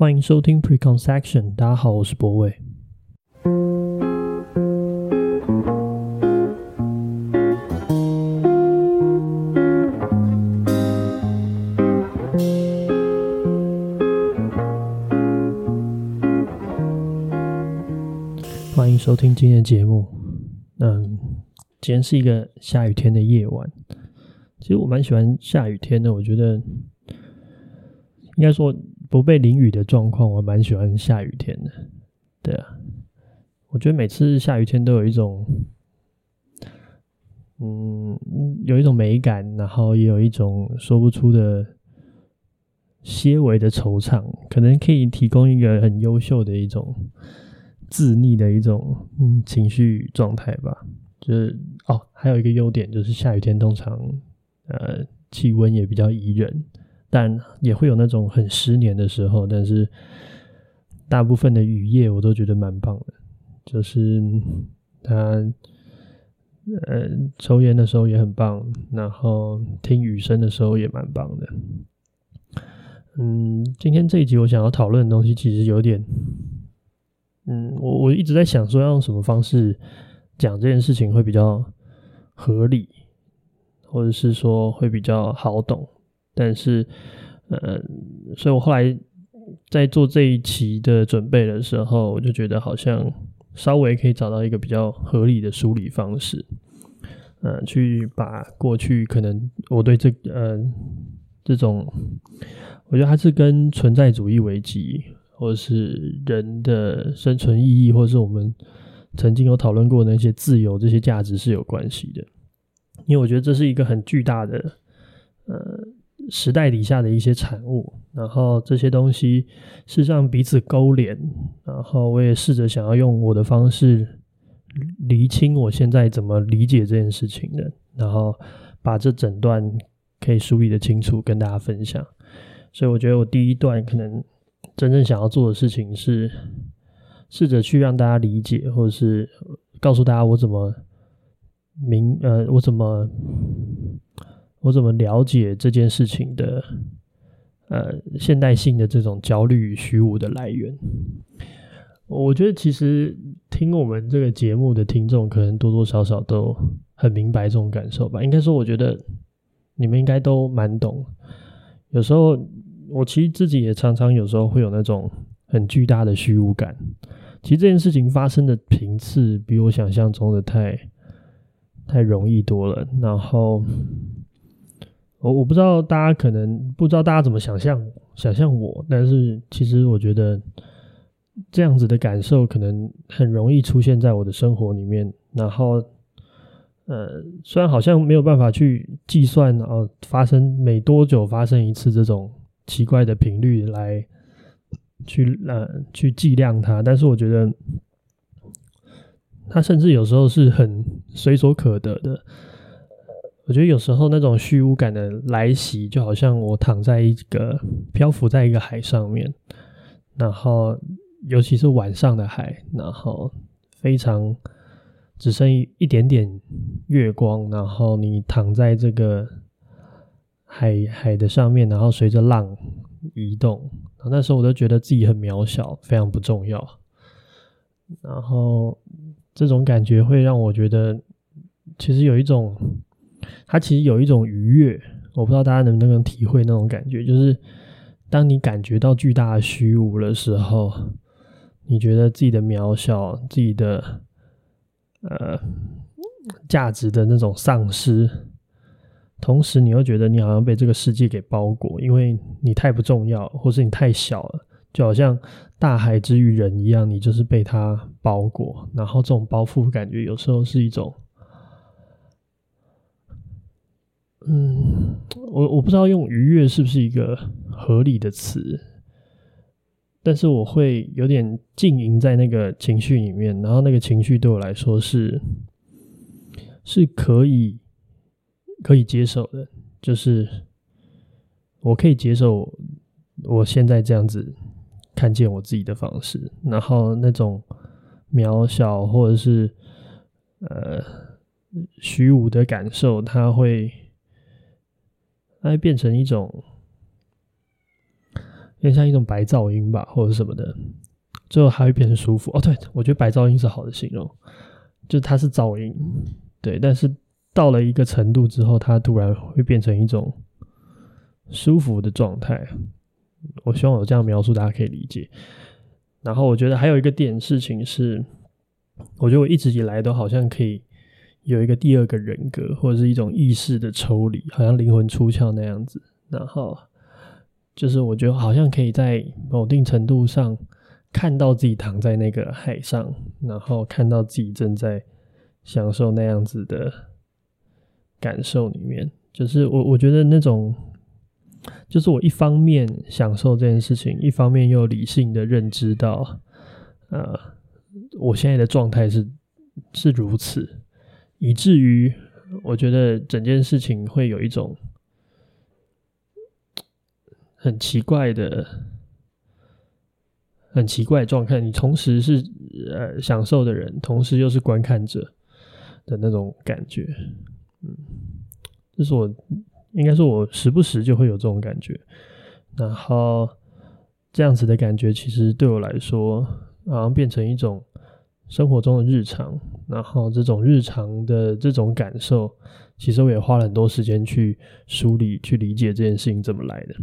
歡迎收聽 Preconception，大家好，我是博偉。歡迎收聽今天的節目。嗯，今天是一個下雨天的夜晚。其實我蠻喜歡下雨天的，我覺得應該說。不被淋雨的狀況，我蠻喜歡下雨天的。對啊，我覺得每次下雨天都有一種，嗯，有一種美感，然後也有一種說不出的些微的惆悵，可能可以提供一個很優秀的一種自溺的一種，嗯，情緒狀態吧。就是哦，還有一個優點就是下雨天通常呃氣溫也比較宜人。但也會有那種很濕黏的時候，但是大部分的雨夜我都覺得蠻棒的，就是，他、嗯、呃、嗯、抽菸的時候也很棒，然後聽雨聲的時候也蠻棒的。嗯，今天這一集我想要討論的東西其實有點，嗯，我我一直在想說要用什麼方式講這件事情會比較合理，或者是說會比較好懂。但是，呃、嗯，所以我後來在做這一期的準備的時候，我就覺得好像稍微可以找到一個比較合理的梳理方式，呃、嗯，去把過去可能我對這呃、嗯、這種，我覺得還是跟存在主義危機，或者是人的生存意義，或者是我們曾經有討論過那些自由這些價值是有關係的，因為我覺得這是一個很巨大的，呃、嗯。時代底下的一些產物，然後這些東西事實上彼此勾連，然後我也試着想要用我的方式釐清我現在怎麼理解這件事情的，然後把這整段可以梳理得清楚跟大家分享。所以我覺得我第一段可能真正想要做的事情是試着去讓大家理解，或者是告訴大家我怎麼明呃我怎麼。我怎麼了解這件事情的？呃，現代性的這種焦慮與虛無的來源，我覺得其實聽我們這個節目的聽眾，可能多多少少都很明白這種感受吧。應該說，我覺得你們應該都蠻懂。有時候，我其實自己也常常有時候會有那種很巨大的虛無感。其實這件事情發生的頻次，比我想象中的太太容易多了。然後。我我，不知道大家，可能不知道大家怎麼想象想象，我，但是其實我覺得這樣子的感受可能很容易出現在我的生活裡面。然後，呃，雖然好像沒有辦法去計算哦、呃、發生每多久發生一次這種奇怪的頻率來去呃去計量它，但是我覺得它甚至有時候是很隨手可得的。我覺得有時候那種虛無感的來襲，就好像我躺在一個漂浮在一個海上面，然後尤其是晚上的海，然後非常只剩一點點月光，然後你躺在這個海海的上面，然後隨着浪移動，然後那時候我都覺得自己很渺小，非常不重要，然後這種感覺會讓我覺得其實有一種。它其實有一種愉悅，我不知道大家能不能體會那種感覺，就是當你感覺到巨大的虛無的時候，你覺得自己的渺小，自己的呃價值的那種喪失，同時你又覺得你好像被這個世界給包裹，因為你太不重要，或是你太小了，就好像大海之於人一樣，你就是被它包裹，然後這種包覆感覺有時候是一種。嗯，我我不知道用愉悅是不是一個合理的詞，但是我會有點浸淫在那個情緒裡面，然後那個情緒對我來說是，是可以可以接受的，就是我可以接受我，我現在這樣子看見我自己的方式，然後那種渺小或者是呃虛無的感受，它會。它會變成一種，有點像一種白噪音吧，或者什麼的，最後還會變成舒服。哦，對，我覺得白噪音是好的形容，就它是噪音，對，但是到了一個程度之後，它突然會變成一種舒服的狀態。我希望我這樣描述大家可以理解。然後我覺得還有一個點事情是，我覺得我一直以來都好像可以。有一個第二個人格，或者是一種意識的抽離，好像靈魂出竅那樣子。然後就是我覺得好像可以在某定程度上看到自己躺在那個海上，然後看到自己正在享受那樣子的感受裡面。就是我，我覺得那種就是我一方面享受這件事情，一方面又理性的認知到，呃，我現在的狀態是是如此。以至於，我覺得整件事情會有一種很奇怪的、很奇怪的狀態。你同時是呃享受的人，同時又是觀看者的那種感覺。嗯，這是我應該說，我時不時就會有這種感覺。然後這樣子的感覺，其實對我來說，好像變成一種。生活中的日常，然後這種日常的這種感受，其實我也花了很多時間去梳理、去理解這件事情怎麼來的。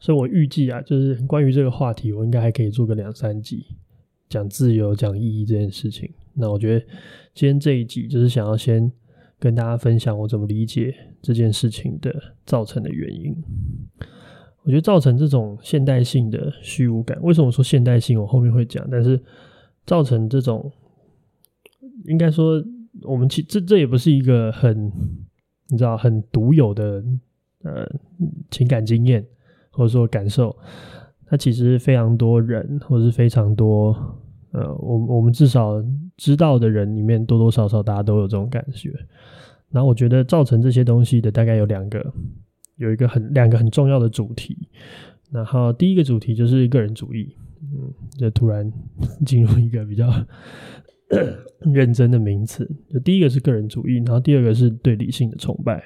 所以我預計啊，就是關於這個話題，我應該還可以做個兩三集，講自由、講意義這件事情。那我覺得今天這一集就是想要先跟大家分享我怎麼理解這件事情的造成的原因。我覺得造成這種現代性的虛無感，為什麼我說現代性？我後面會講，但是。造成這種，應該說，我們其這這也不是一個很，你知道，很獨有的呃情感經驗或者說感受。它其實非常多人，或者是非常多呃，我我們至少知道的人裡面，多多少少大家都有這種感覺。然後我覺得造成這些東西的大概有兩個，有一個很，兩個很重要的主題。然後第一個主題就是個人主義。嗯，就突然進入一個比較 認真的名詞。就第一個是個人主義，然後第二個是對理性的崇拜，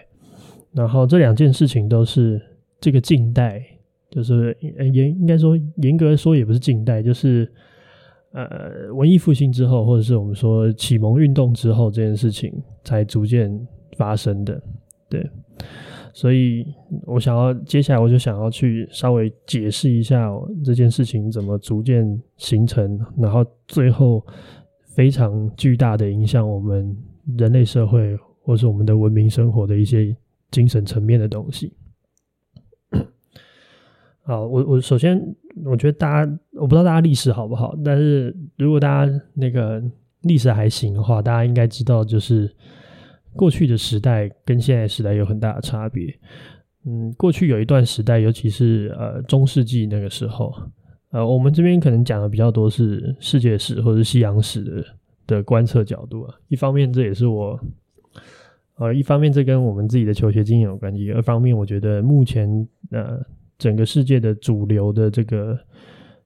然後這兩件事情都是這個近代，就是、欸、應該說嚴格說也不是近代，就是呃文藝復興之後，或者是我們說啟蒙運動之後，這件事情才逐漸發生的，對。所以，我想要接下來，我就想要去稍微解釋一下哦，這件事情怎麼逐漸形成，然後最後非常巨大的影響我們人類社會，或是我們的文明生活的一些精神層面的東西。好，我我首先，我覺得大家我不知道大家歷史好不好，但是如果大家那個歷史還行的話，大家應該知道就是。過去的時代跟現在時代有很大的差別。嗯，過去有一段時代，尤其是呃中世紀那個時候，呃，我們這邊可能講的比較多是世界史或者西洋史的，的觀測角度啊。一方面，這也是我，呃，一方面這跟我們自己的求學經驗有關係，二方面，我覺得目前呃整個世界的主流的這個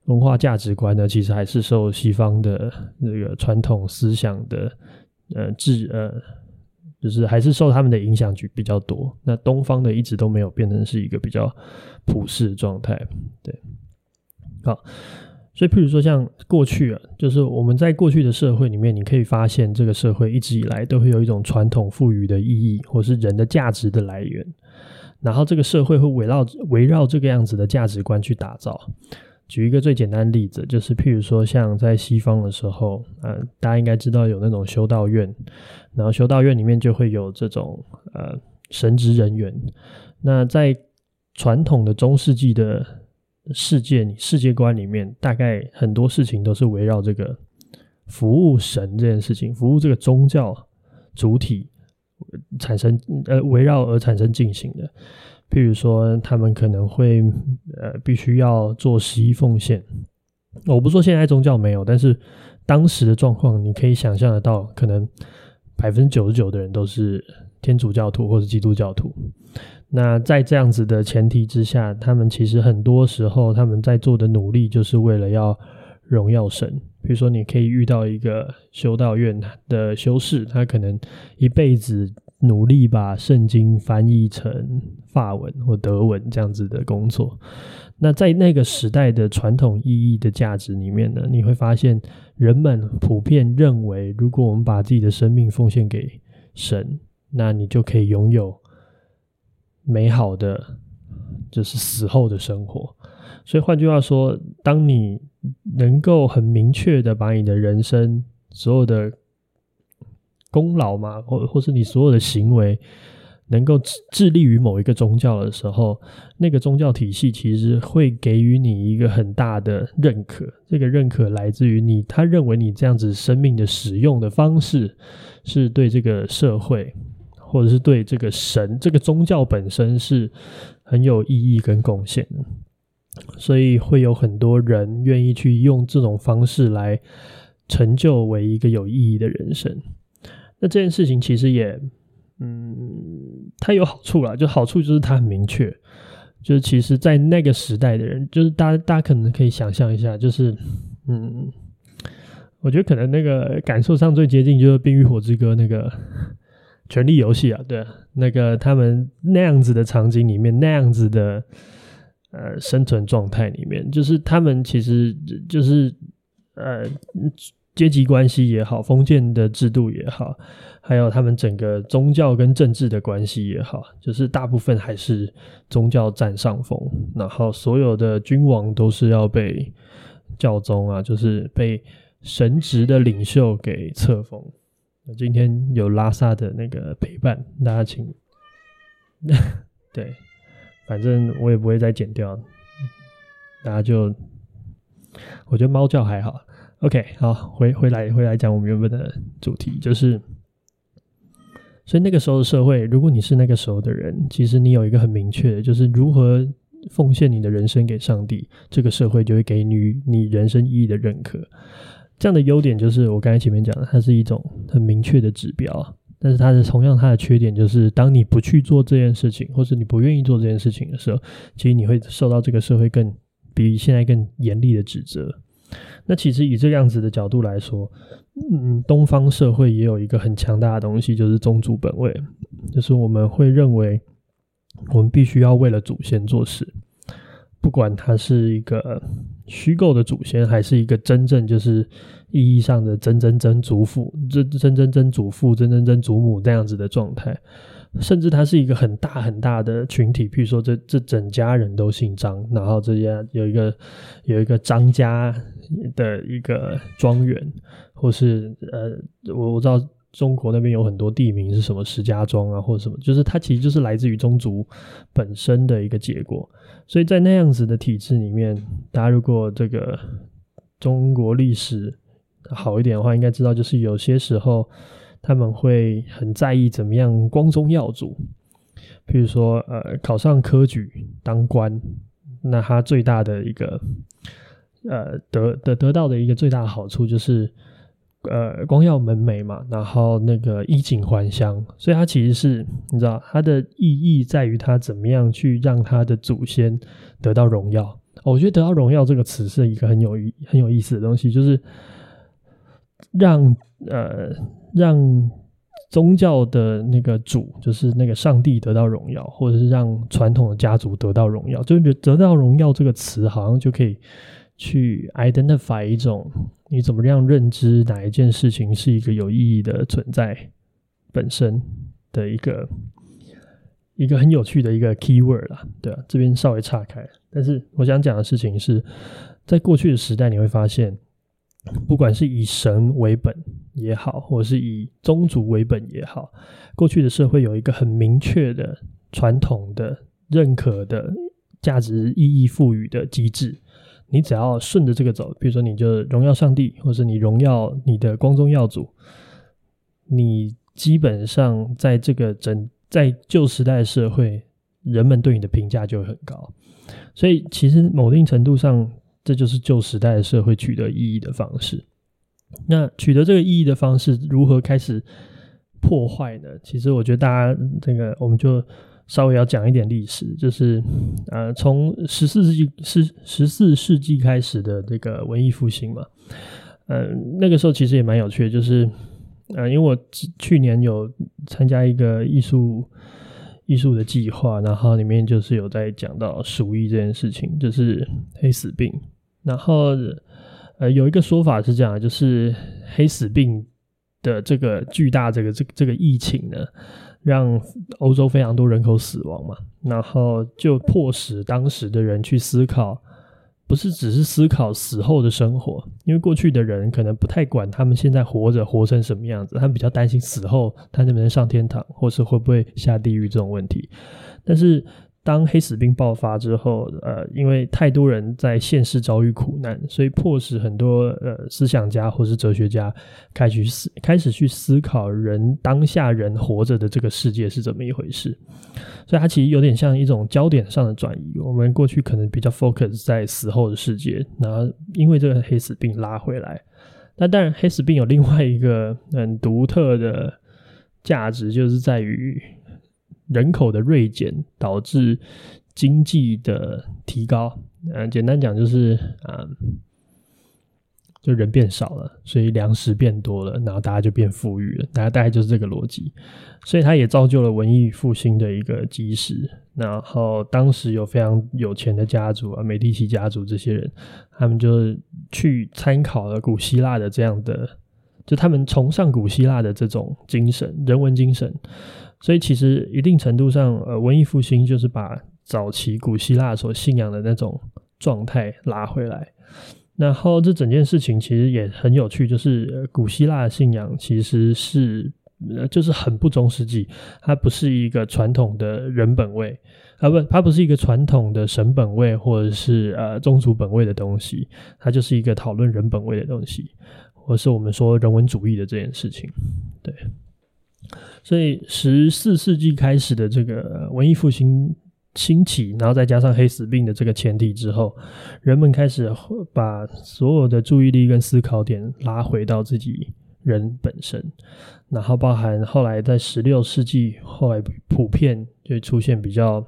文化價值觀呢，其實還是受西方的那個傳統思想的呃制呃。治呃就是還是受他們的影響比較多，那東方的一直都沒有變成是一個比較普世的狀態，對，好，所以譬如說像過去啊，就是我們在過去的社會裡面，你可以發現這個社會一直以來都會有一種傳統賦予的意義，或是人的價值的來源，然後這個社會會圍繞圍繞這個樣子的價值觀去打造。舉一個最簡單的例子，就是譬如說，像在西方的時候，呃，大家應該知道有那種修道院，然後修道院裡面就會有這種，呃，神職人員。那在傳統的中世紀的世界，世界觀裡面，大概很多事情都是圍繞這個服務神這件事情，服務這個宗教主體產生，呃，圍繞而產生進行的。譬如說，他們可能會，呃，必須要做十一奉獻。我不說現在宗教沒有，但是當時的狀況，你可以想象得到，可能百分之九十九的人都是天主教徒或是基督教徒。那在這樣子的前提之下，他們其實很多時候他們在做的努力，就是為了要榮耀神。比如說，你可以遇到一個修道院的修士，他可能一輩子。努力把聖經翻譯成法文或德文這樣子的工作。那在那個時代的傳統意義的價值裡面呢，你會發現人們普遍認為，如果我們把自己的生命奉獻給神，那你就可以擁有美好的，就是死後的生活。所以換句話說，當你能夠很明確的把你的人生所有的。功勞嘛，或或是你所有的行為能夠致致力於某一個宗教的時候，那個宗教體系其實會給予你一個很大的認可。這個認可來自於你，他認為你這樣子生命的使用的方式是對這個社會，或者是對這個神，這個宗教本身是很有意義跟貢獻的。所以會有很多人願意去用這種方式來成就為一個有意義的人生。那這件事情其實也，嗯，它有好處啦，就好處就是它很明確，就是其實在那個時代的人，就是大家大家可能可以想象一下，就是，嗯，我覺得可能那個感受上最接近就是《冰與火之歌》那個《權力遊戲》啊，對啊，那個他們那樣子的場景裡面，那樣子的呃生存狀態裡面，就是他們其實就是呃。階級關係也好，封建的制度也好，還有他們整個宗教跟政治的關係也好，就是大部分還是宗教占上風。然後所有的君王都是要被教宗啊，就是被神職的領袖給冊封。今天有拉薩的那個陪伴，大家請。 對，反正我也不會再剪掉。大家就，我覺得貓叫還好。OK，好，回回來，回來講我們原本的主題，就是，所以那個時候的社會，如果你是那個時候的人，其實你有一個很明確的，就是如何奉獻你的人生給上帝，這個社會就會給予你，你人生意義的認可。這樣的優點就是我剛才前面講的，它是一種很明確的指標，但是它的同樣它的缺點就是，當你不去做這件事情，或是你不願意做這件事情的時候，其實你會受到這個社會更比現在更嚴厲的指責。那其實以這樣子的角度來說，嗯，東方社會也有一個很強大的東西，就是宗族本位，就是我們會認為，我們必須要為了祖先做事，不管他是一個虛構的祖先，還是一個真正就是意義上的曾曾曾祖父、曾曾曾祖父、曾曾曾祖母這樣子的狀態。甚至它是一個很大很大的群體，譬如說這這整家人都姓張，然後這家有一個有一個張家的一個莊園，或是呃，我我知道中國那邊有很多地名是什麼石家莊啊或者什麼，就是它其實就是來自於宗族本身的一個結果。所以在那樣子的體制裡面，大家如果這個中國歷史好一點的話，應該知道就是有些時候。他們會很在意怎麼樣光宗耀祖，譬如說，呃，考上科舉當官，那他最大的一個，呃，得得得到的一個最大的好處就是，呃，光耀門楣嘛，然後那個衣錦還鄉，所以他其實是你知道，他的意義在於他怎麼樣去讓他的祖先得到榮耀。哦，我覺得得到榮耀這個詞是一個很有很有意思的東西，就是讓呃。讓宗教的那個主，就是那個上帝，得到榮耀，或者是讓傳統的家族得到榮耀，就是得到榮耀這個詞，好像就可以去 identify 一種你怎麼樣認知哪一件事情是一個有意義的存在本身的一個一個很有趣的一個 keyword 啦，對啊，這邊稍微岔開，但是我想講的事情是在過去的時代，你會發現。不管是以神為本也好，或是以宗族為本也好，過去的社會有一個很明確的傳統的認可的價值意義賦予的機制。你只要順着這個走，比如說你就榮耀上帝，或是你榮耀你的光宗耀祖，你基本上在這個整在舊時代的社會，人們對你的評價就會很高。所以其實某一定程度上。這就是舊時代的社會取得意義的方式。那取得這個意義的方式如何開始破壞呢？其實我覺得大家、嗯、這個，我們就稍微要講一點歷史，就是呃，從十四世紀、十十四世紀開始的這個文藝復興嘛、呃。那個時候其實也蠻有趣的，就是呃，因為我去年有參加一個藝術藝術的計劃，然後裡面就是有在講到鼠疫這件事情，就是黑死病。然後，呃，有一個說法是這樣，就是黑死病的這個巨大這個這個、這個疫情呢，讓歐洲非常多人口死亡嘛，然後就迫使當時的人去思考，不是只是思考死後的生活，因為過去的人可能不太管他們現在活着活成什麼樣子，他們比較擔心死後他能不能上天堂，或是會不會下地獄這種問題，但是。當黑死病爆發之後，呃，因為太多人在現世遭遇苦難，所以迫使很多呃思想家或是哲學家開始思開始去思考人當下人活着的這個世界是怎麼一回事，所以它其實有點像一種焦點上的轉移。我們過去可能比較 focus 在死後的世界，然後因為這個黑死病拉回來。那當然，黑死病有另外一個很獨特的價值，就是在於。人口的銳減導致經濟的提高，嗯、呃，簡單講就是、呃、就人變少了，所以糧食變多了，然後大家就變富裕了，大家大概就是這個邏輯，所以它也造就了文藝復興的一個基石。然後當時有非常有錢的家族啊，美第奇家族這些人，他們就去參考了古希臘的這樣的，就他們崇尚古希臘的這種精神，人文精神。所以，其實一定程度上，呃，文藝復興就是把早期古希臘所信仰的那種狀態拉回來。然後這整件事情其實也很有趣，就是古希臘信仰其實是，呃，就是很不中世紀，它不是一個傳統的人本位，啊，不，它不是一個傳統的神本位或者是，呃，宗族本位的東西，它就是一個討論人本位的東西，或者是我們說人文主義的這件事情，對。所以十四世紀開始的這個文藝復興興起，然後再加上黑死病的這個前提之後，人們開始把所有的注意力跟思考點拉回到自己人本身，然後包含後來在十六世紀，後來普遍就出現比較，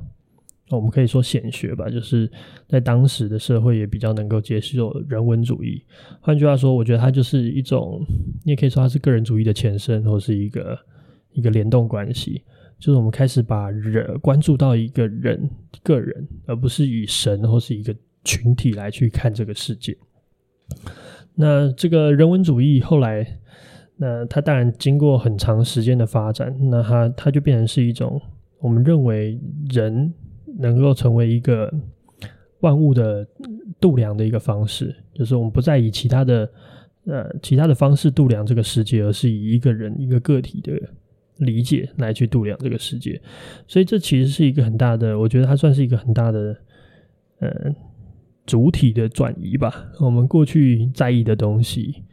我們可以說顯學吧，就是在當時的社會也比較能夠接受人文主義。換句話說，我覺得它就是一種，你也可以說它是個人主義的前身，或是一個。一個聯動關係，就是我們開始把人關注到一個人、個人，而不是以神或是一個群體來去看這個世界。那這個人文主義後來，那它當然經過很長時間的發展，那它它就變成是一種我們認為人能夠成為一個萬物的度量的一個方式，就是我們不再以其他的呃其他的方式度量這個世界，而是以一個人，一個個體的。理解來去度量這個世界，所以這其實是一個很大的，我覺得它算是一個很大的，呃，主體的轉移吧。我們過去在意的東西，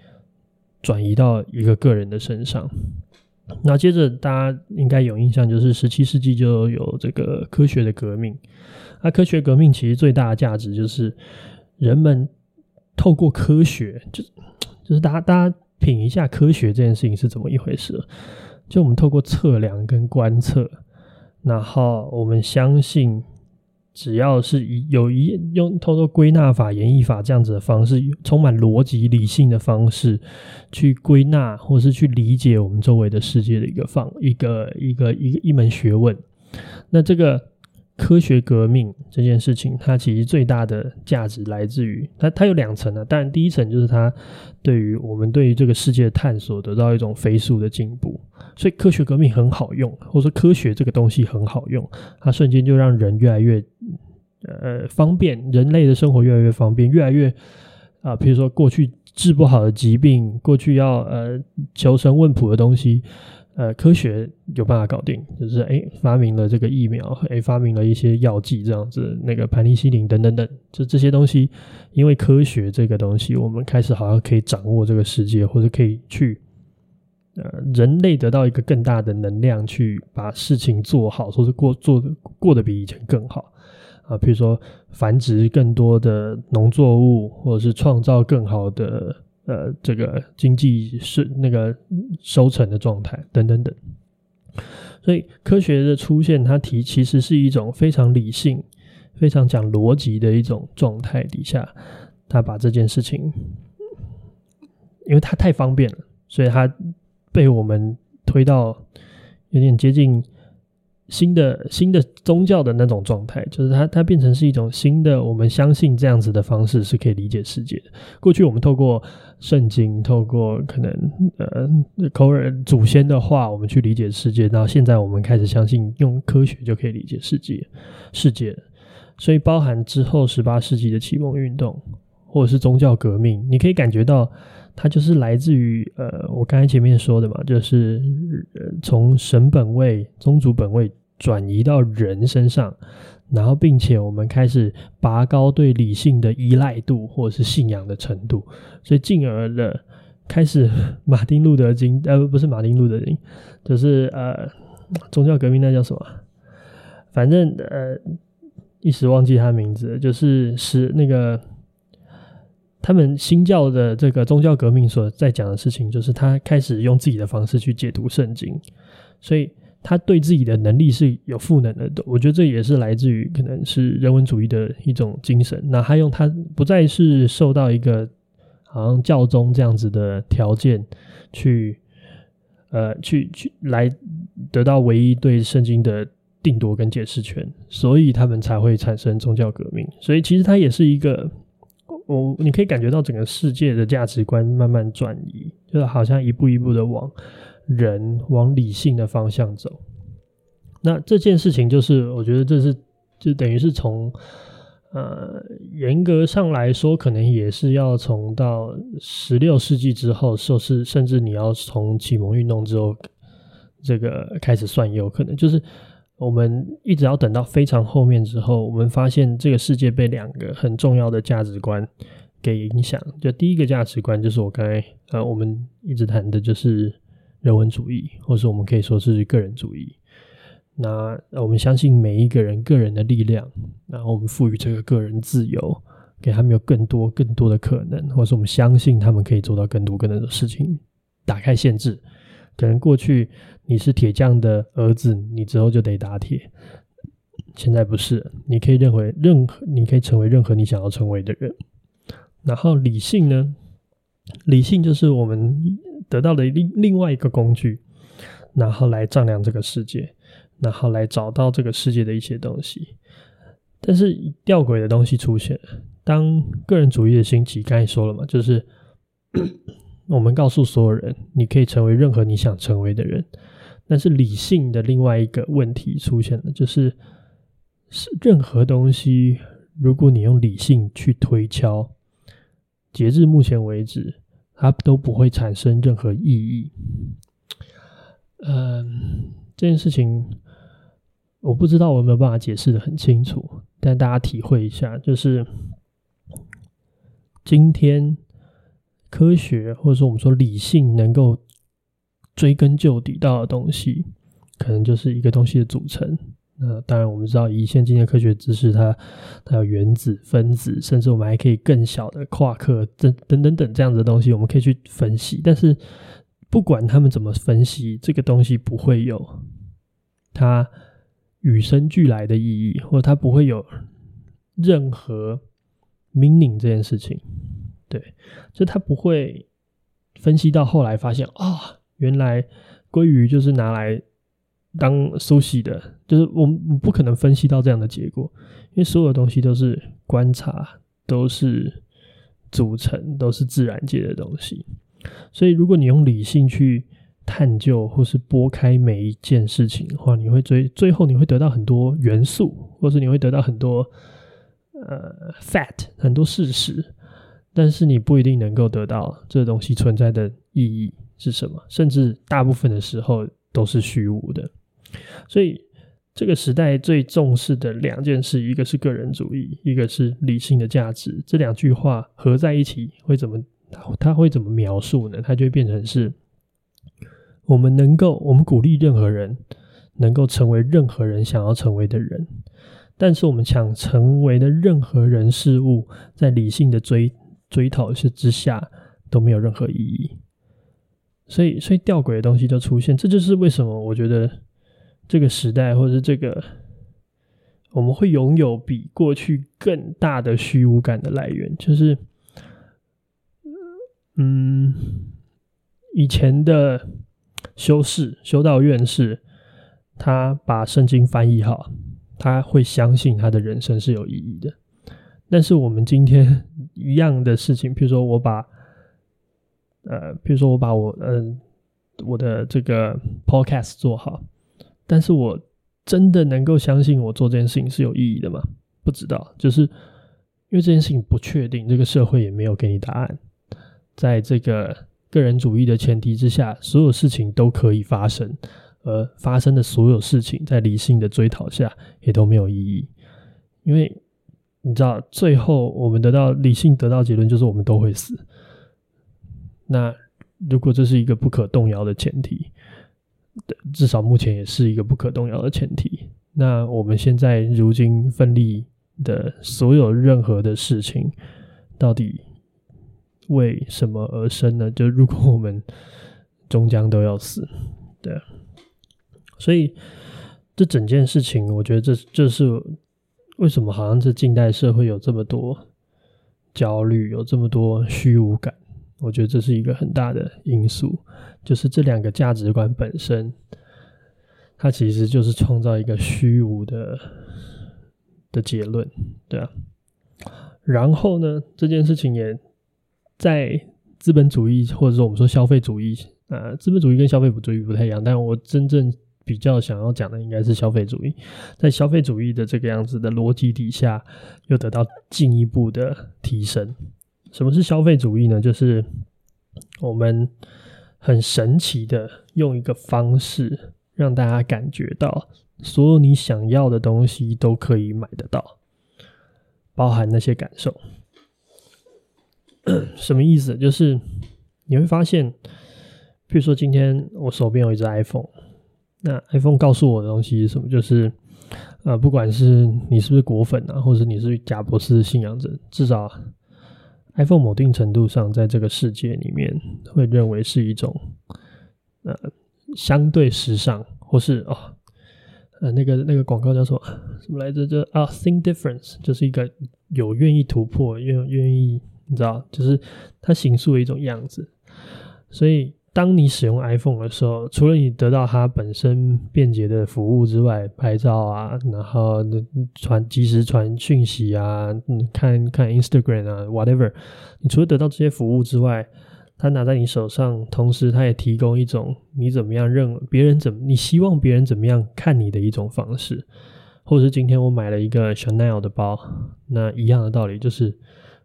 轉移到一個個人的身上。那接着大家應該有印象，就是十七世紀就有這個科學的革命啊。那科學革命其實最大的價值就是，人們透過科學，就是就是大家大家品一下科學這件事情是怎麼一回事。就我們透過測量跟觀測，然後我們相信，只要是以有一用透過歸納法、演繹法這樣子的方式，充滿邏輯理性的方式去歸納，或是去理解我們周圍的世界的一個方一個一個一個一，一門學問。那這個。科學革命這件事情，它其實最大的價值來自於它，它有兩層啊。當然，第一層就是它對於我們對於這個世界的探索，得到一種飛速的進步，所以科學革命很好用，或者說科學這個東西很好用，它瞬間就讓人越來越呃方便，人類的生活越來越方便，越來越啊，呃、譬如說過去治不好的疾病，過去要呃求神問卜的東西。呃，科學有辦法搞定，就是哎、欸，發明了這個疫苗，哎、欸，發明了一些藥劑，這樣子，那個盤尼西林等等等，就這些東西，因為科學這個東西，我們開始好像可以掌握這個世界，或者可以去，呃，人類得到一個更大的能量去把事情做好，或是過做過得比以前更好啊，譬如說繁殖更多的農作物，或者是創造更好的。呃，這個經濟是那個收成的狀態等等等，所以科學的出現，它提其實是一種非常理性、非常講邏輯的一種狀態底下，它把這件事情，因為它太方便了，所以它被我們推到有點接近。新的新的宗教的那種狀態，就是它它變成是一種新的，我們相信這樣子的方式是可以理解世界的。過去我們透過聖經，透過可能呃口耳祖先的話，我們去理解世界。然後現在我們開始相信用科學就可以理解世界世界，所以包含之後十八世紀的啟蒙運動，或者是宗教革命，你可以感覺到它就是來自於呃我剛才前面說的嘛，就是、呃、從神本位宗主本位。轉移到人身上，然後並且我們開始拔高對理性的依賴度，或者是信仰的程度。所以進而的開始，馬丁路德金呃，不是馬丁路德金，就是呃宗教革命那叫什麼？反正呃，一時忘記他名字，就是是那個他們新教的這個宗教革命所在講的事情，就是他開始用自己的方式去解讀聖經，所以。他對自己的能力是有賦能的，我覺得這也是來自於可能是人文主義的一種精神。那他用他不再是受到一個好像教宗這樣子的條件去呃去去來得到唯一對聖經的定奪跟解釋權，所以他們才會產生宗教革命。所以其實它也是一個，我、哦、你可以感覺到整個世界的價值觀慢慢轉移，就是好像一步一步的往。人往理性的方向走，那這件事情就是，我覺得這是就等於是從呃嚴格上來說，可能也是要從到十六世紀之後，說是甚至你要從啟蒙運動之後這個開始算有可能，就是我們一直要等到非常後面之後，我們發現這個世界被兩個很重要的價值觀給影響。就第一個價值觀就是我剛才呃我們一直談的就是。人文主義，或是我們可以說是個人主義。那我們相信每一個人個人的力量，然後我們賦予這個個人自由，給他們有更多更多的可能，或是我們相信他們可以做到更多更多的事情，打開限制。可能過去你是鐵匠的兒子，你之後就得打鐵，現在不是，你可以認為任何，你可以成為任何你想要成為的人。然後理性呢？理性就是我們。得到了另另外一個工具，然後來丈量這個世界，然後來找到這個世界的一些東西。但是吊詭的東西出現了，當個人主義的興起，剛才說了嘛，就是 我們告訴所有人，你可以成為任何你想成為的人。但是理性的另外一個問題出現了，就是是任何東西，如果你用理性去推敲，截至目前為止。它都不會產生任何意義。嗯，這件事情我不知道我有沒有辦法解釋的很清楚，但大家體會一下，就是今天科學或者說我們說理性能夠追根究底到的東西，可能就是一個東西的組成。呃、嗯，當然，我們知道以現今的科學知識它，它它有原子、分子，甚至我們還可以更小的夸克，等等等等這樣子的東西，我們可以去分析。但是，不管他們怎麼分析，這個東西不會有它與生俱來的意義，或者它不會有任何 meaning 這件事情。對，就它不會分析到後來發現啊、哦，原來鮭魚就是拿來。當熟悉的，就是我們不可能分析到這樣的結果，因為所有的東西都是觀察，都是組成，都是自然界的東西。所以，如果你用理性去探究，或是撥開每一件事情的話，你會最最後你會得到很多元素，或是你會得到很多呃 fact 很多事實，但是你不一定能夠得到這東西存在的意義是什麼，甚至大部分的時候都是虛無的。所以這個時代最重視的兩件事，一個是個人主義，一個是理性的價值。這兩句話合在一起會怎麼？它會怎麼描述呢？它就會變成是：我們能夠，我們鼓勵任何人能夠成為任何人想要成為的人，但是我們想成為的任何人事物，在理性的追追討之之下，都沒有任何意義。所以，所以吊詭的東西就出現。這就是為什麼我覺得。這個時代，或者這個，我們會擁有比過去更大的虛無感的來源，就是，嗯，以前的修士、修道院士，他把聖經翻譯好，他會相信他的人生是有意義的。但是我們今天一樣的事情，比如說我把，呃，比如說我把我嗯、呃，我的這個 podcast 做好。但是我真的能夠相信我做這件事情是有意義的嗎？不知道，就是因為這件事情不確定，這個社會也沒有給你答案。在這個個人主義的前提之下，所有事情都可以發生，而發生的所有事情，在理性的追討下也都沒有意義，因為你知道，最後我們得到理性得到結論就是我們都會死。那如果這是一個不可動搖的前提。對，至少目前也是一個不可動搖的前提。那我們現在如今奮力的所有任何的事情，到底為什麼而生呢？就如果我們終將都要死，對，所以這整件事情，我覺得這這、就是為什麼，好像是近代社會有這麼多焦慮，有這麼多虛無感。我覺得這是一個很大的因素，就是這兩個價值觀本身，它其實就是創造一個虛無的的結論，對啊。然後呢，這件事情也在資本主義或者說我們說消費主義啊、呃，資本主義跟消費主義不太一樣，但我真正比較想要講的應該是消費主義，在消費主義的這個樣子的邏輯底下，又得到進一步的提升。什麼是消費主義呢？就是我們很神奇的用一個方式讓大家感覺到，所有你想要的東西都可以買得到，包含那些感受。 什麼意思？就是你會發現，譬如說今天我手邊有一只 iPhone，那 iPhone 告訴我的東西是什麼？就是呃，不管是你是不是果粉啊，或者你是賈伯斯信仰者，至少。iPhone 某定程度上，在這個世界裡面，會認為是一種，呃，相對時尚，或是哦，呃，那個那個廣告叫什麼什麼來着？就啊，Think Difference，就是一個有願意突破、願願意，你知道，就是它形塑一種樣子，所以。當你使用 iPhone 的時候，除了你得到它本身便捷的服務之外，拍照啊，然後傳，即時傳訊息啊，看看 Instagram 啊，whatever，你除了得到這些服務之外，它拿在你手上，同時它也提供一種你怎麼樣認別人怎麼，你希望別人怎麼樣看你的一種方式。或者是今天我買了一個 Chanel 的包，那一樣的道理就是，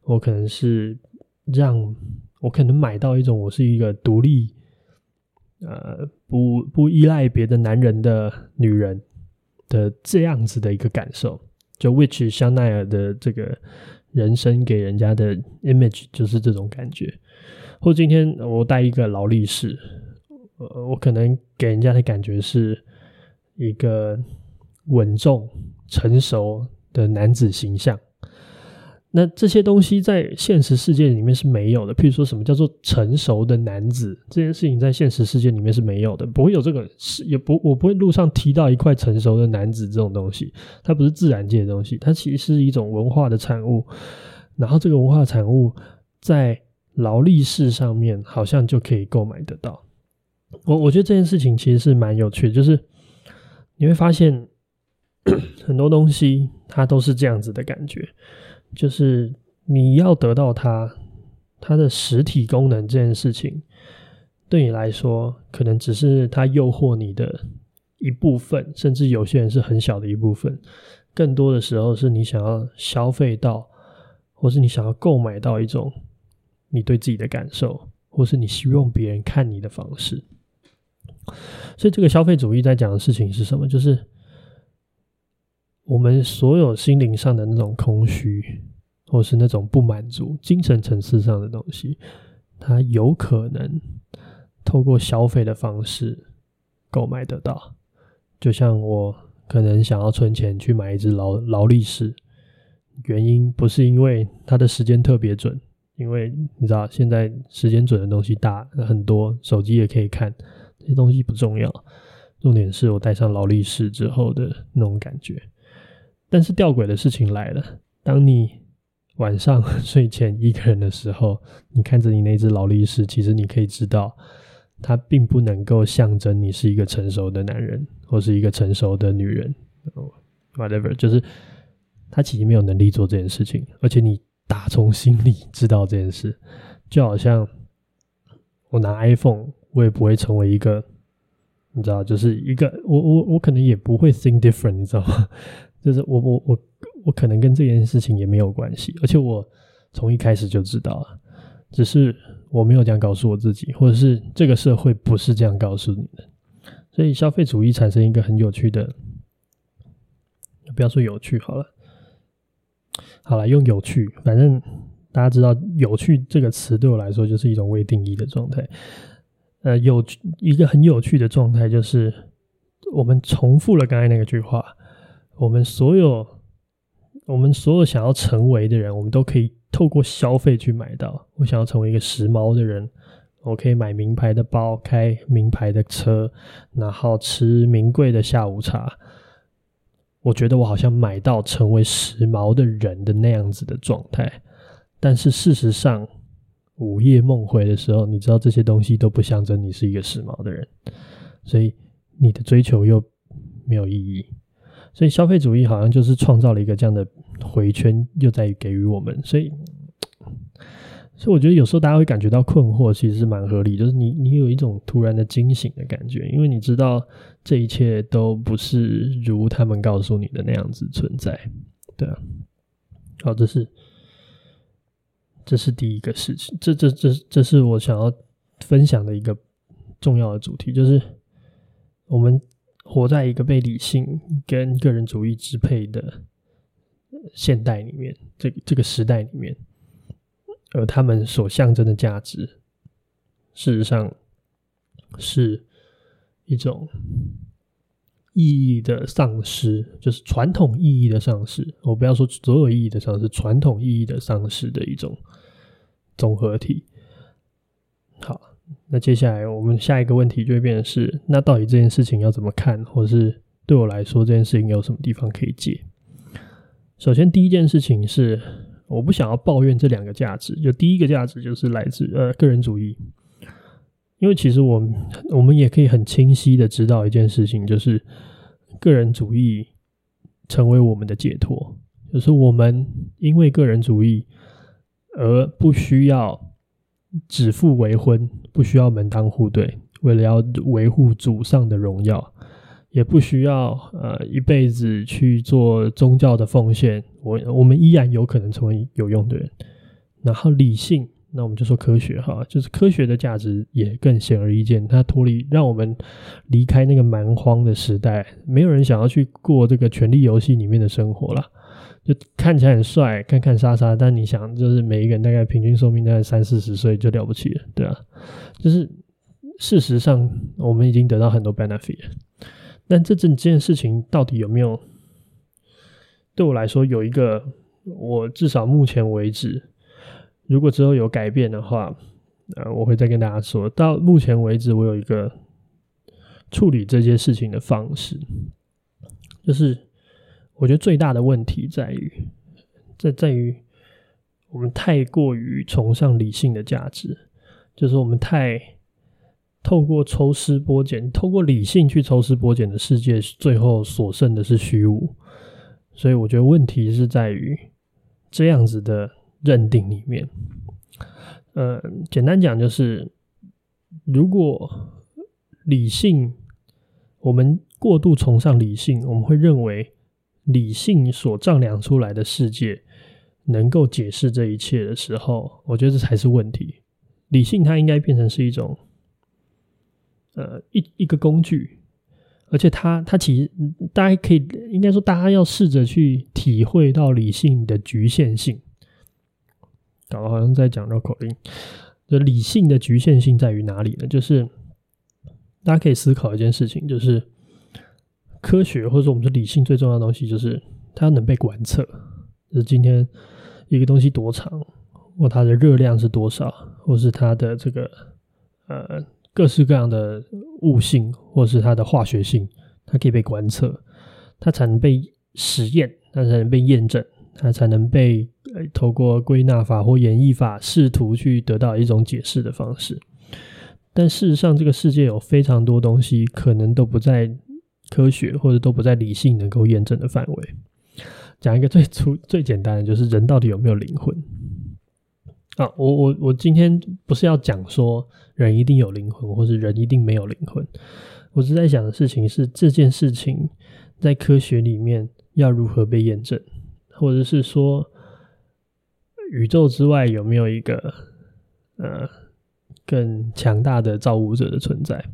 我可能是讓。我可能買到一種我是一個獨立，呃，不不依賴別的男人的女人的這樣子的一個感受。就 which 香奈兒的這個人生給人家的 image 就是這種感覺。或今天我帶一個勞力士，呃，我可能給人家的感覺是一個穩重成熟的男子形象。那這些東西在現實世界裡面是沒有的，譬如說什麼叫做成熟的男子這件事情，在現實世界裡面是沒有的，不會有這個，也不，我不會路上提到一塊成熟的男子這種東西，它不是自然界的東西，它其實是一種文化的產物。然後這個文化產物在勞力士上面好像就可以購買得到。我我覺得這件事情其實是蠻有趣的，就是你會發現很多東西它都是這樣子的感覺。就是你要得到它，它的實體功能這件事情，對你來說可能只是它誘惑你的一部分，甚至有些人是很小的一部分。更多的時候是你想要消費到，或是你想要購買到一種你對自己的感受，或是你希望別人看你的方式。所以，這個消費主義在講的事情是什麼？就是。我們所有心靈上的那種空虛，或是那種不滿足，精神層次上的東西，它有可能透過消費的方式購買得到。就像我可能想要存錢去買一隻勞勞力士，原因不是因為它的時間特別準，因為你知道現在時間準的東西大很多，手機也可以看，這些東西不重要。重點是我戴上勞力士之後的那種感覺。但是弔詭的事情來了，當你晚上睡前一個人的時候，你看着你那隻勞力士，其實你可以知道，它並不能夠象徵你是一個成熟的男人或是一個成熟的女人，oh，whatever，就是它其實沒有能力做這件事情，而且你打從心裡知道這件事，就好像我拿 iPhone，我也不會成為一個，你知道，就是一個，我我我可能也不會 think different，你知道嗎？就是我我我我可能跟這件事情也沒有關係，而且我從一開始就知道了，只是我沒有這樣告訴我自己，或者是這個社會不是這樣告訴你的，所以消費主義產生一個很有趣的，不要說有趣好了，好了用有趣，反正大家知道有趣這個詞對我來說就是一種未定義的狀態，呃有趣一個很有趣的狀態就是我們重複了剛才那個句話。我們所有，我們所有想要成為的人，我們都可以透過消費去買到。我想要成為一個時髦的人，我可以買名牌的包，開名牌的車，然後吃名貴的下午茶。我覺得我好像買到成為時髦的人的那樣子的狀態，但是事實上，午夜夢回的時候，你知道這些東西都不象徵你是一個時髦的人，所以你的追求又沒有意義。所以消費主義好像就是創造了一個這樣的回圈，又在給予我們。所以，所以我覺得有時候大家會感覺到困惑，其實是蠻合理。就是你，你有一種突然的驚醒的感覺，因為你知道這一切都不是如他們告訴你的那樣子存在。對啊。好，這是，這是第一個事情。這、這、這、這是我想要分享的一個重要的主題，就是我們。活在一個被理性跟個人主義支配的現代裡面，這個這個時代裡面，而他們所象徵的價值，事實上是一種意義的喪失，就是傳統意義的喪失。我不要說所有意義的喪失，傳統意義的喪失的一種綜合體。好。那接下來我們下一個問題就會變成是：那到底這件事情要怎麼看，或者是對我來說，這件事情有什麼地方可以解？首先，第一件事情是，我不想要抱怨這兩個價值。就第一個價值就是來自呃個人主義，因為其實我們我們也可以很清晰的知道一件事情，就是個人主義成為我們的解脫，就是我們因為個人主義而不需要。指腹為婚，不需要門當戶對，為了要維護祖上的榮耀，也不需要呃一輩子去做宗教的奉獻。我我們依然有可能成為有用的人。然後理性，那我們就說科學哈，就是科學的價值也更顯而易見。它脫離讓我們離開那個蠻荒的時代，沒有人想要去過這個權力遊戲裡面的生活了。就看起來很帥，看看殺殺，但你想，就是每一個人大概平均壽命都在三四十歲，就了不起了，對啊？就是事實上，我們已經得到很多 benefit。但這整件事情到底有沒有？對我來說，有一個，我至少目前為止，如果之後有改變的話，呃，我會再跟大家說，到目前為止，我有一個處理這些事情的方式，就是。我覺得最大的問題在於，在在於我們太過於崇尚理性的價值，就是我們太透過抽絲剝繭、透過理性去抽絲剝繭的世界，最後所剩的是虛無。所以，我覺得問題是在於這樣子的認定裡面。呃，簡單講就是，如果理性，我們過度崇尚理性，我們會認為。理性所丈量出來的世界，能夠解釋這一切的時候，我覺得這才是問題。理性它應該變成是一種，呃，一一個工具，而且它它其實大家可以應該說大家要試着去體會到理性的局限性，搞得好像在講繞口令。就理性的局限性在於哪裡呢？就是大家可以思考一件事情，就是。科學或者我們說理性最重要的東西，就是它能被觀測。就是今天一個東西多長，或它的熱量是多少，或是它的這個呃各式各樣的物性，或是它的化學性，它可以被觀測，它才能被實驗，它才能被驗證，它才能被呃透過歸納法或演繹法試圖去得到一種解釋的方式。但事實上，這個世界有非常多東西可能都不在。科學或者都不在理性能夠驗證的範圍。講一個最初最簡單的，就是人到底有沒有靈魂？啊，我我我今天不是要講說人一定有靈魂，或是人一定沒有靈魂。我是在想的事情是這件事情在科學裡面要如何被驗證，或者是說宇宙之外有沒有一個呃更強大的造物者的存在？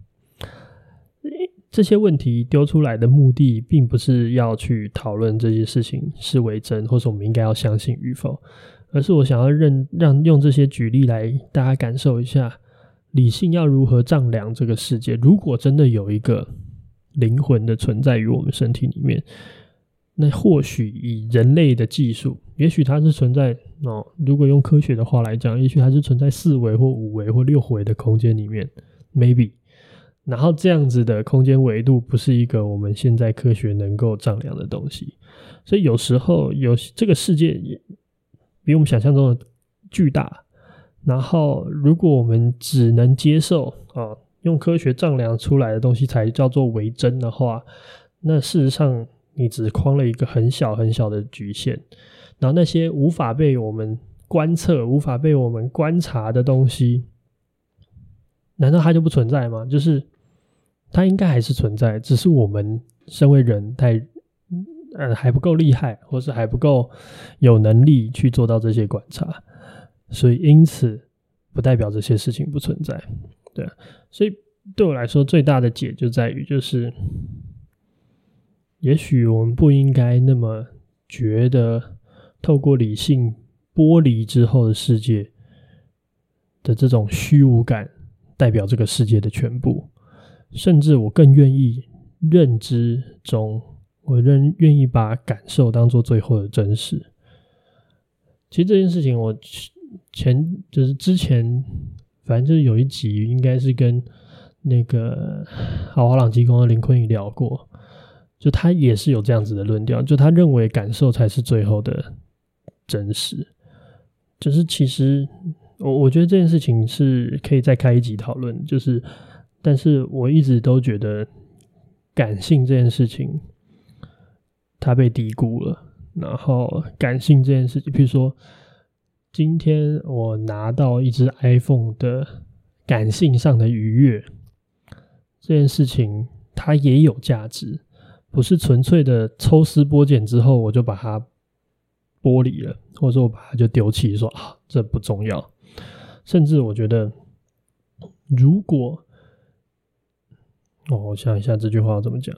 這些問題丟出來的目的，並不是要去討論這些事情是為真，或是我們應該要相信與否，而是我想要認讓用這些舉例來大家感受一下，理性要如何丈量這個世界。如果真的有一個靈魂的存在於我們身體裡面，那或許以人類的技術，也許它是存在哦。如果用科學的話來講，也許它是存在四維或五維或六維的空間裡面，maybe。然後這樣子的空間維度不是一個我們現在科學能夠丈量的東西，所以有時候有這個世界也比我們想象中的巨大。然後如果我們只能接受啊用科學丈量出來的東西才叫做為真的話，那事實上你只框了一個很小很小的侷限。然後那些無法被我們觀測、無法被我們觀察的東西，難道它就不存在嗎？就是。它應該還是存在，只是我們身為人太，呃、嗯，還不夠厲害，或是還不夠有能力去做到這些觀察，所以因此不代表這些事情不存在。對啊，所以對我來說最大的解就在於，就是也許我們不應該那麼覺得，透過理性剝離之後的世界的這種虛無感，代表這個世界的全部。甚至我更願意認知中，我願意把感受當作最後的真實。其實這件事情，我前就是之前，反正就是有一集，應該是跟那個阿華朗基公和林坤宇聊過，就他也是有這樣子的論調，就他認為感受才是最後的真實。就是其實，我我覺得這件事情是可以再開一集討論，就是。但是我一直都覺得，感性這件事情它被低估了。然後，感性這件事情，譬如說，今天我拿到一只 iPhone 的感性上的愉悅，這件事情它也有價值，不是純粹的抽絲剝繭之後我就把它剝離了，或者說我把它就丟棄說，說啊這不重要。甚至我覺得，如果哦，我想一下這句話要怎麼講。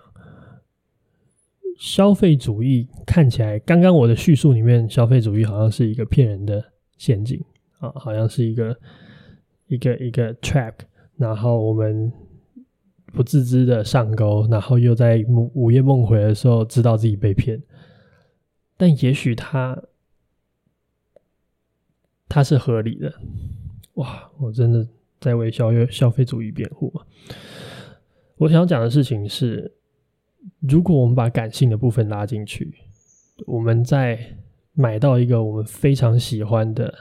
消費主義看起來，剛剛我的敘述裡面，消費主義好像是一個騙人的陷阱啊，好像是一個一個一個 trap。然後我們不自知的上鈎，然後又在午夜夢回的時候知道自己被騙。但也許它它是合理的。哇，我真的在為消消費主義辯護。我想要講的事情是，如果我們把感性的部分拉進去，我們在買到一個我們非常喜歡的，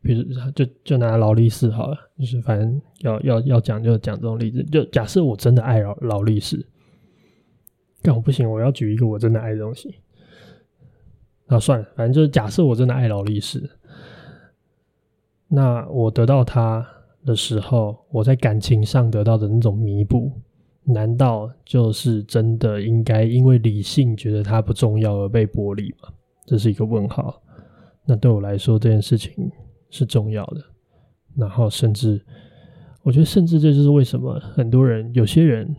比如就就拿勞力士好了，就是反正要要要講就講這種例子。就假設我真的愛勞勞力士，但我不行，我要舉一個我真的愛的東西。那算了，反正就是假設我真的愛勞力士，那我得到它的時候，我在感情上得到的那種彌補。難道就是真的應該因為理性覺得它不重要而被剝離嗎？這是一個問號。那對我來說，這件事情是重要的。然後，甚至我覺得，甚至這就是為什麼很多人，有些人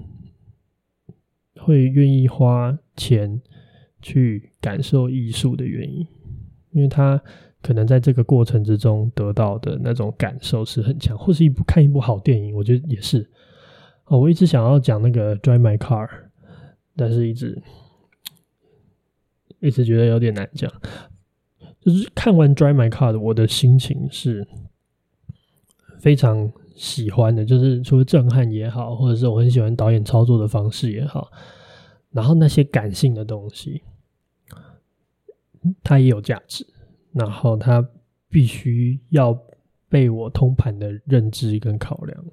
會願意花錢去感受藝術的原因，因為他可能在這個過程之中得到的那種感受是很強，或是一部，看一部好電影，我覺得也是。哦，oh, 我一直想要講那個《Drive My Car》，但是一直一直覺得有點難講。就是看完《Drive My Car》的，我的心情是非常喜歡的。就是除了震撼，也好，或者是我很喜歡導演操作的方式也好，然後那些感性的東西，它也有價值。然後它必須要被我通盤的認知跟考量。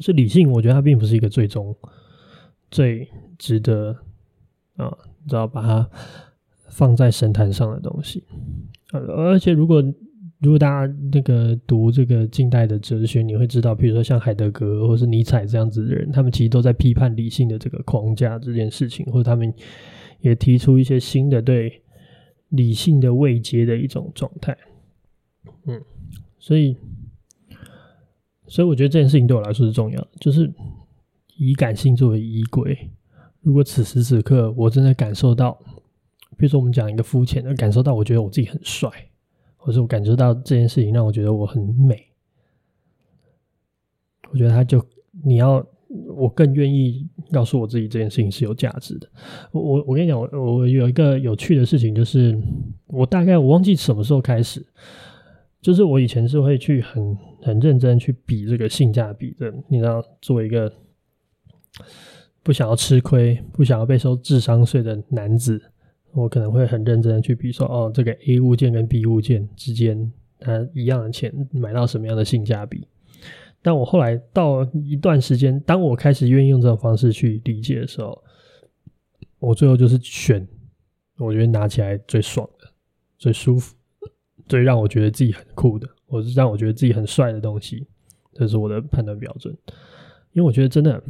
是理性，我覺得它並不是一個最終、最值得啊，知道把它放在神壇上的東西。啊，而且，如果如果大家那個讀這個近代的哲學，你會知道，比如說像海德格或是尼采這樣子的人，他們其實都在批判理性的這個框架這件事情，或者他們也提出一些新的對理性的慰藉的一種狀態。嗯，所以。所以我覺得這件事情對我來說是重要的，就是以感性作為依歸。如果此時此刻我真的感受到，比如說我們講一個膚淺的，感受到我覺得我自己很帥，或者是我感受到這件事情讓我覺得我很美，我覺得他就你要我更願意告訴我自己這件事情是有價值的。我我我跟你講我，我有一個有趣的事情，就是我大概我忘記什麼時候開始。就是我以前是會去很很認真去比這個性價比的，你知道，作為一個不想要吃虧、不想要被收智商稅的男子，我可能會很認真的去比說，哦，這個 A 物件跟 B 物件之間，他一樣的錢買到什麼樣的性價比？但我後來到一段時間，當我開始願意用這種方式去理解的時候，我最後就是選我覺得拿起來最爽的、最舒服。所以讓我覺得自己很酷的，我是讓我覺得自己很帥的東西，這是我的判斷標準。因為我覺得真的，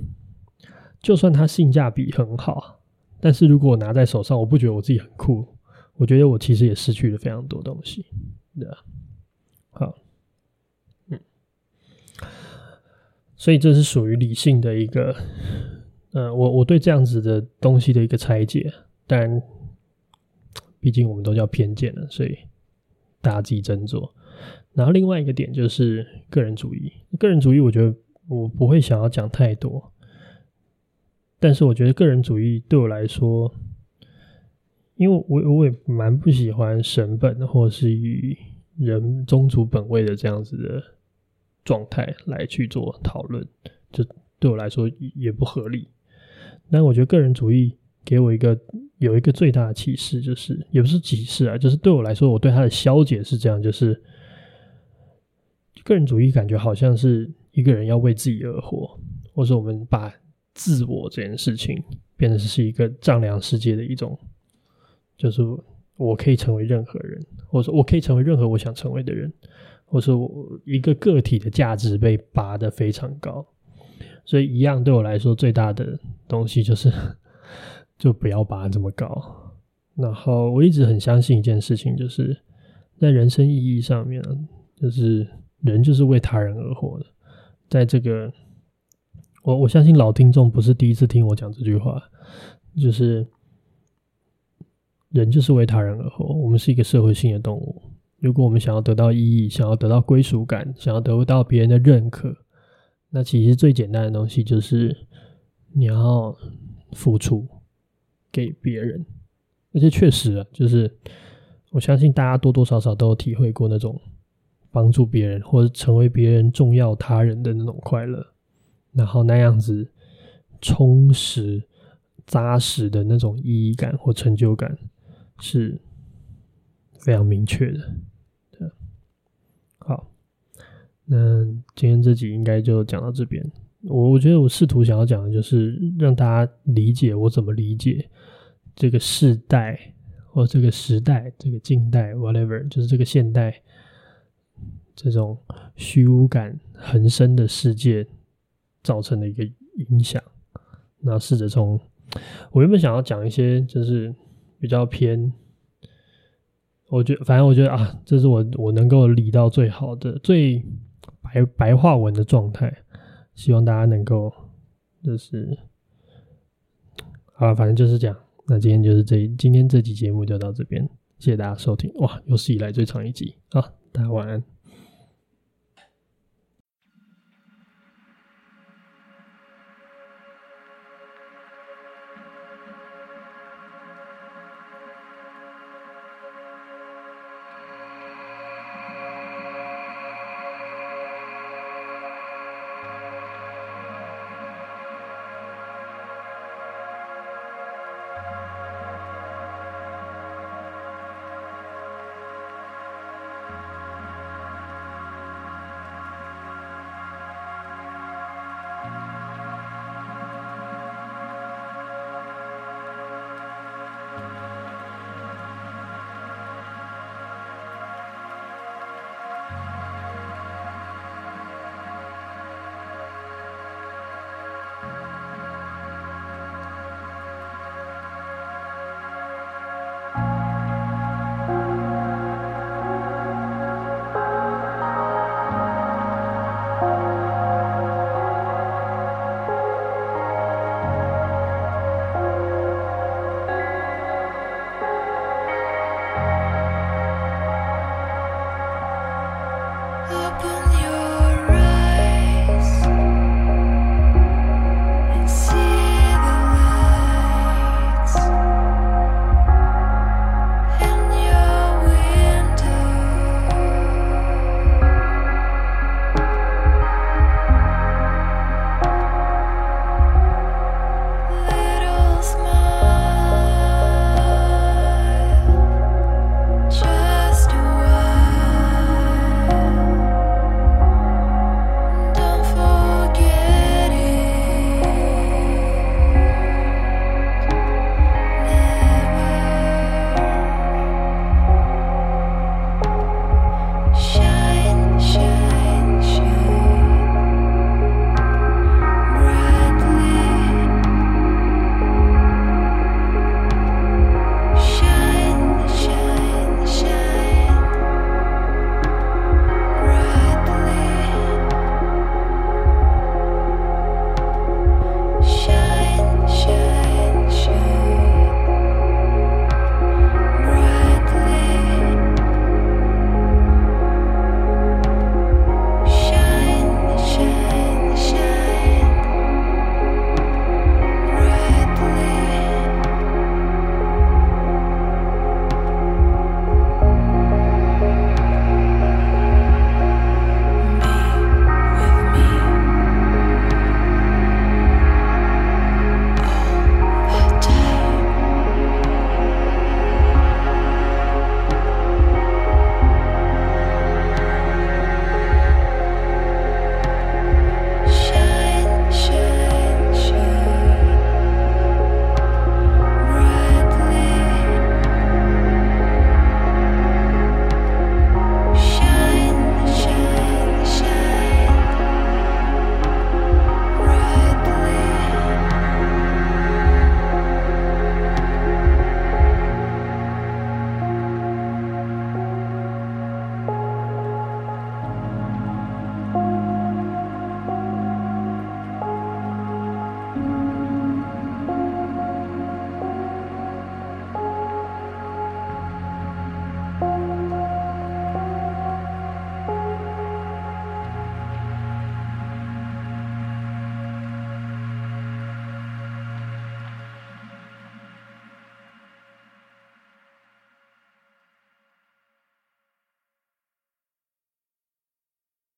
就算它性價比很好，但是如果我拿在手上，我不覺得我自己很酷，我覺得我其實也失去了非常多東西。對吧？好，嗯，所以這是屬於理性的一個，呃，我我對這樣子的東西的一個拆解。但，畢竟我們都叫偏見了，所以。大家自己斟酌，然後另外一個點就是個人主義。個人主義，我覺得我不會想要講太多，但是我覺得個人主義對我來說，因為我我也蠻不喜歡神本或者是以人宗族本位的這樣子的狀態來去做討論，就對我來說也不合理。但我覺得個人主義。給我一個有一個最大的啟示，就是也不是啟示啊，就是對我來說，我對他的消解是這樣，就是個人主義感覺好像是一個人要為自己而活，或是我們把自我這件事情變成是一個丈量世界的一種，就是我可以成為任何人，或說我可以成為任何我想成為的人，或說我一個個體的價值被拔得非常高，所以一樣對我來說最大的東西就是。就不要把它這麼搞。然後我一直很相信一件事情，就是在人生意義上面，就是人就是為他人而活的。在這個我，我我相信老聽眾不是第一次聽我講這句話，就是人就是為他人而活。我們是一個社會性的動物，如果我們想要得到意義，想要得到歸屬感，想要得到別人的認可，那其實最簡單的東西就是你要付出。給別人，而且確實啊，就是我相信大家多多少少都有體會過那種幫助別人或者成為別人重要他人的那種快樂，然後那樣子充實扎實的那種意義感或成就感是非常明確的。對。好，那今天這集應該就講到這邊。我我覺得我試圖想要講的就是讓大家理解我怎麼理解，這個世代或這個時代，這個近代，whatever，就是這個現代，這種虛無感橫生的世界造成的一個影響。那試着從我原本想要講一些，就是比較偏，我覺得，反正我覺得啊，這是我我能夠理到最好的、最白白話文的狀態。希望大家能夠，就是，啊，反正就是這樣。那今天就是這，今天這集節目就到這邊，謝謝大家收聽，哇，有史以來最長一集，好，大家晚安。